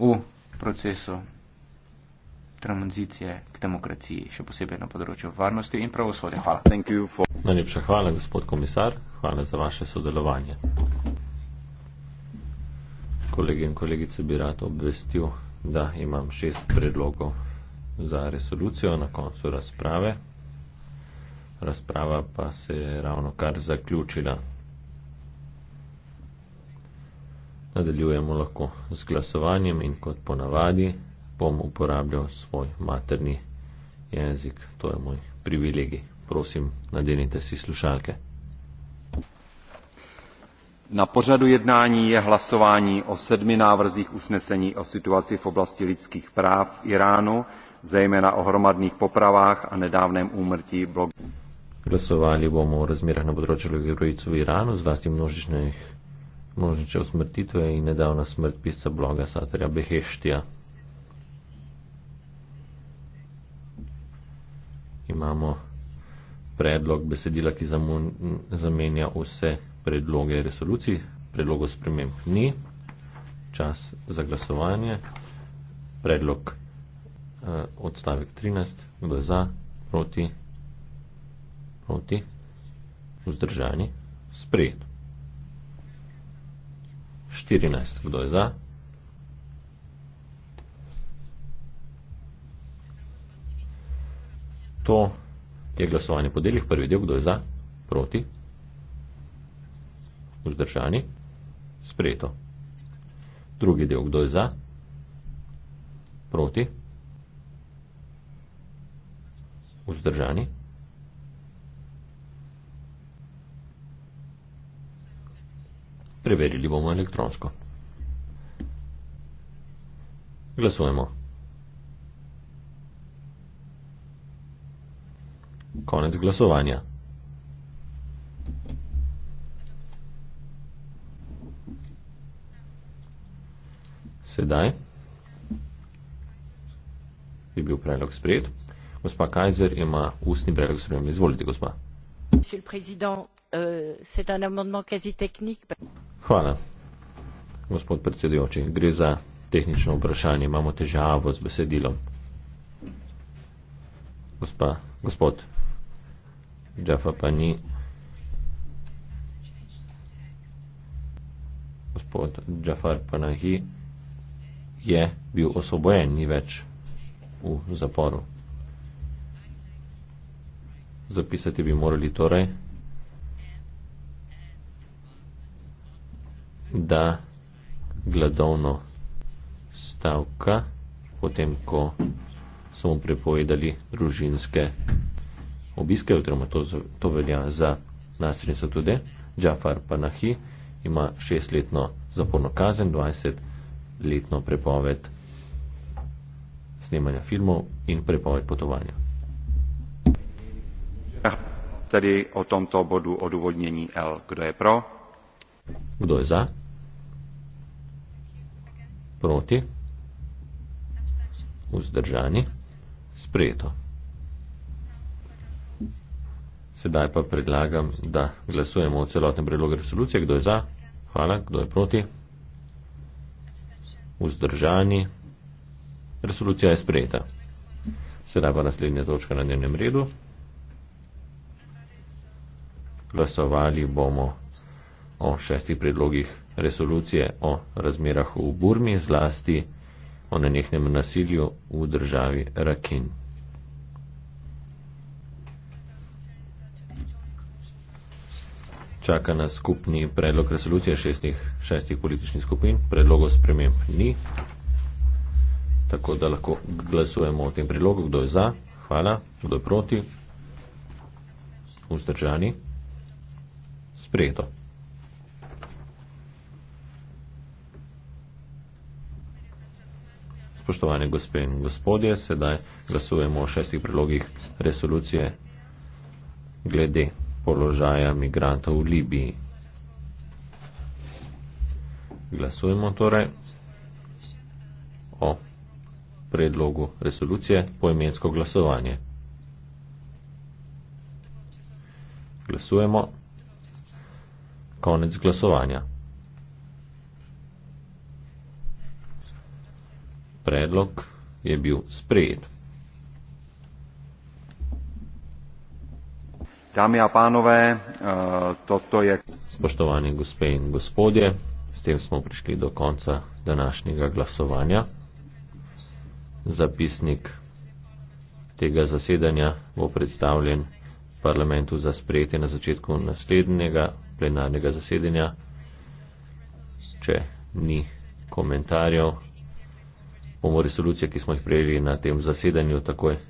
v procesu tranzicije k demokraciji, še posebej na področju varnosti in pravosodja. Hvala. For... Najlepša hvala, gospod komisar. Hvala za vaše sodelovanje. Kolegi in kolegice bi rad obvestil, da imam šest predlogov za resolucijo na koncu razprave. Razprava pa se je ravno kar zaključila. Nadaljujemo lahko z glasovanjem in kot ponavadi bom uporabljal svoj materni jezik. To je moj privilegij. Prosim, nadenite si slušalke. Na pořadu jednání je hlasování o sedmi návrzích usnesení o situaci v oblasti lidských práv v Iránu, zejména o hromadných popravách a nedávném úmrtí blogu. Glasovali bomo o razmerah na področju ljudi v Iránu, zlasti množičnih množiče usmrtitve in nedavna smrt pisca bloga Satarja Beheštija. Imamo predlog besedila, ki zamenja vse predloge resolucij, predlogo sprememb ni, čas za glasovanje, predlog eh, odstavek 13, kdo je za, proti, proti, vzdržani, sprejeto. 14. Kdo je za? To je glasovanje po delih. Prvi del, kdo je za? Proti? Vzdržani? Sprejeto. Drugi del, kdo je za? Proti? Vzdržani? Sprejeto. Preverili bomo elektronsko. Glasujemo. Konec glasovanja. Sedaj je bil predlog sprejet. Gospa Kajzer ima ustni predlog sprejem. Izvolite, gospa. Monsieur le Président, euh, c'est un amendement quasi technique. Hvala, gospod predsedujoči. Gre za tehnično vprašanje. Imamo težavo z besedilom. Gospa, gospod. Džafa pa ni. Gospod Džafar Panahi je bil osvobojen, ni več v zaporu. Zapisati bi morali torej. da gladovno stavka, potem ko so mu prepovedali družinske obiske, oziroma to, to velja za nasrednico tudi, Džafar Panahi ima šestletno zaporno kazen, 20-letno prepoved snemanja filmov in prepoved potovanja. Ah, tedy o tomto bodu odůvodnění L. Kdo je pro? Kdo je za? Proti. Vzdržani. Sprejeto. Sedaj pa predlagam, da glasujemo o celotnem predlogu resolucije. Kdo je za? Hvala. Kdo je proti? Vzdržani. Resolucija je sprejeta. Sedaj pa naslednja točka na dnevnem redu. Glasovali bomo o šestih predlogih resolucije o razmerah v Burmi, zlasti o nenehnem nasilju v državi Rakin. Čaka nas skupni predlog resolucije šestih, šestih političnih skupin. Predlogov sprememb ni, tako da lahko glasujemo o tem predlogu. Kdo je za? Hvala. Kdo je proti? Vzdržani? Sprejeto. Spoštovane gospe in gospodje, sedaj glasujemo o šestih predlogih resolucije glede položaja migrantov v Libiji. Glasujemo torej o predlogu resolucije poimensko glasovanje. Glasujemo. Konec glasovanja. Predlog je bil sprejet. Dame in panove, eh, toto je. Spoštovani gospe in gospodje, s tem smo prišli do konca današnjega glasovanja. Zapisnik tega zasedanja bo predstavljen parlamentu za sprejetje na začetku naslednjega plenarnega zasedanja. Če ni komentarjev, bomo resolucije, ki smo jih prejeli na tem zasedanju, takoj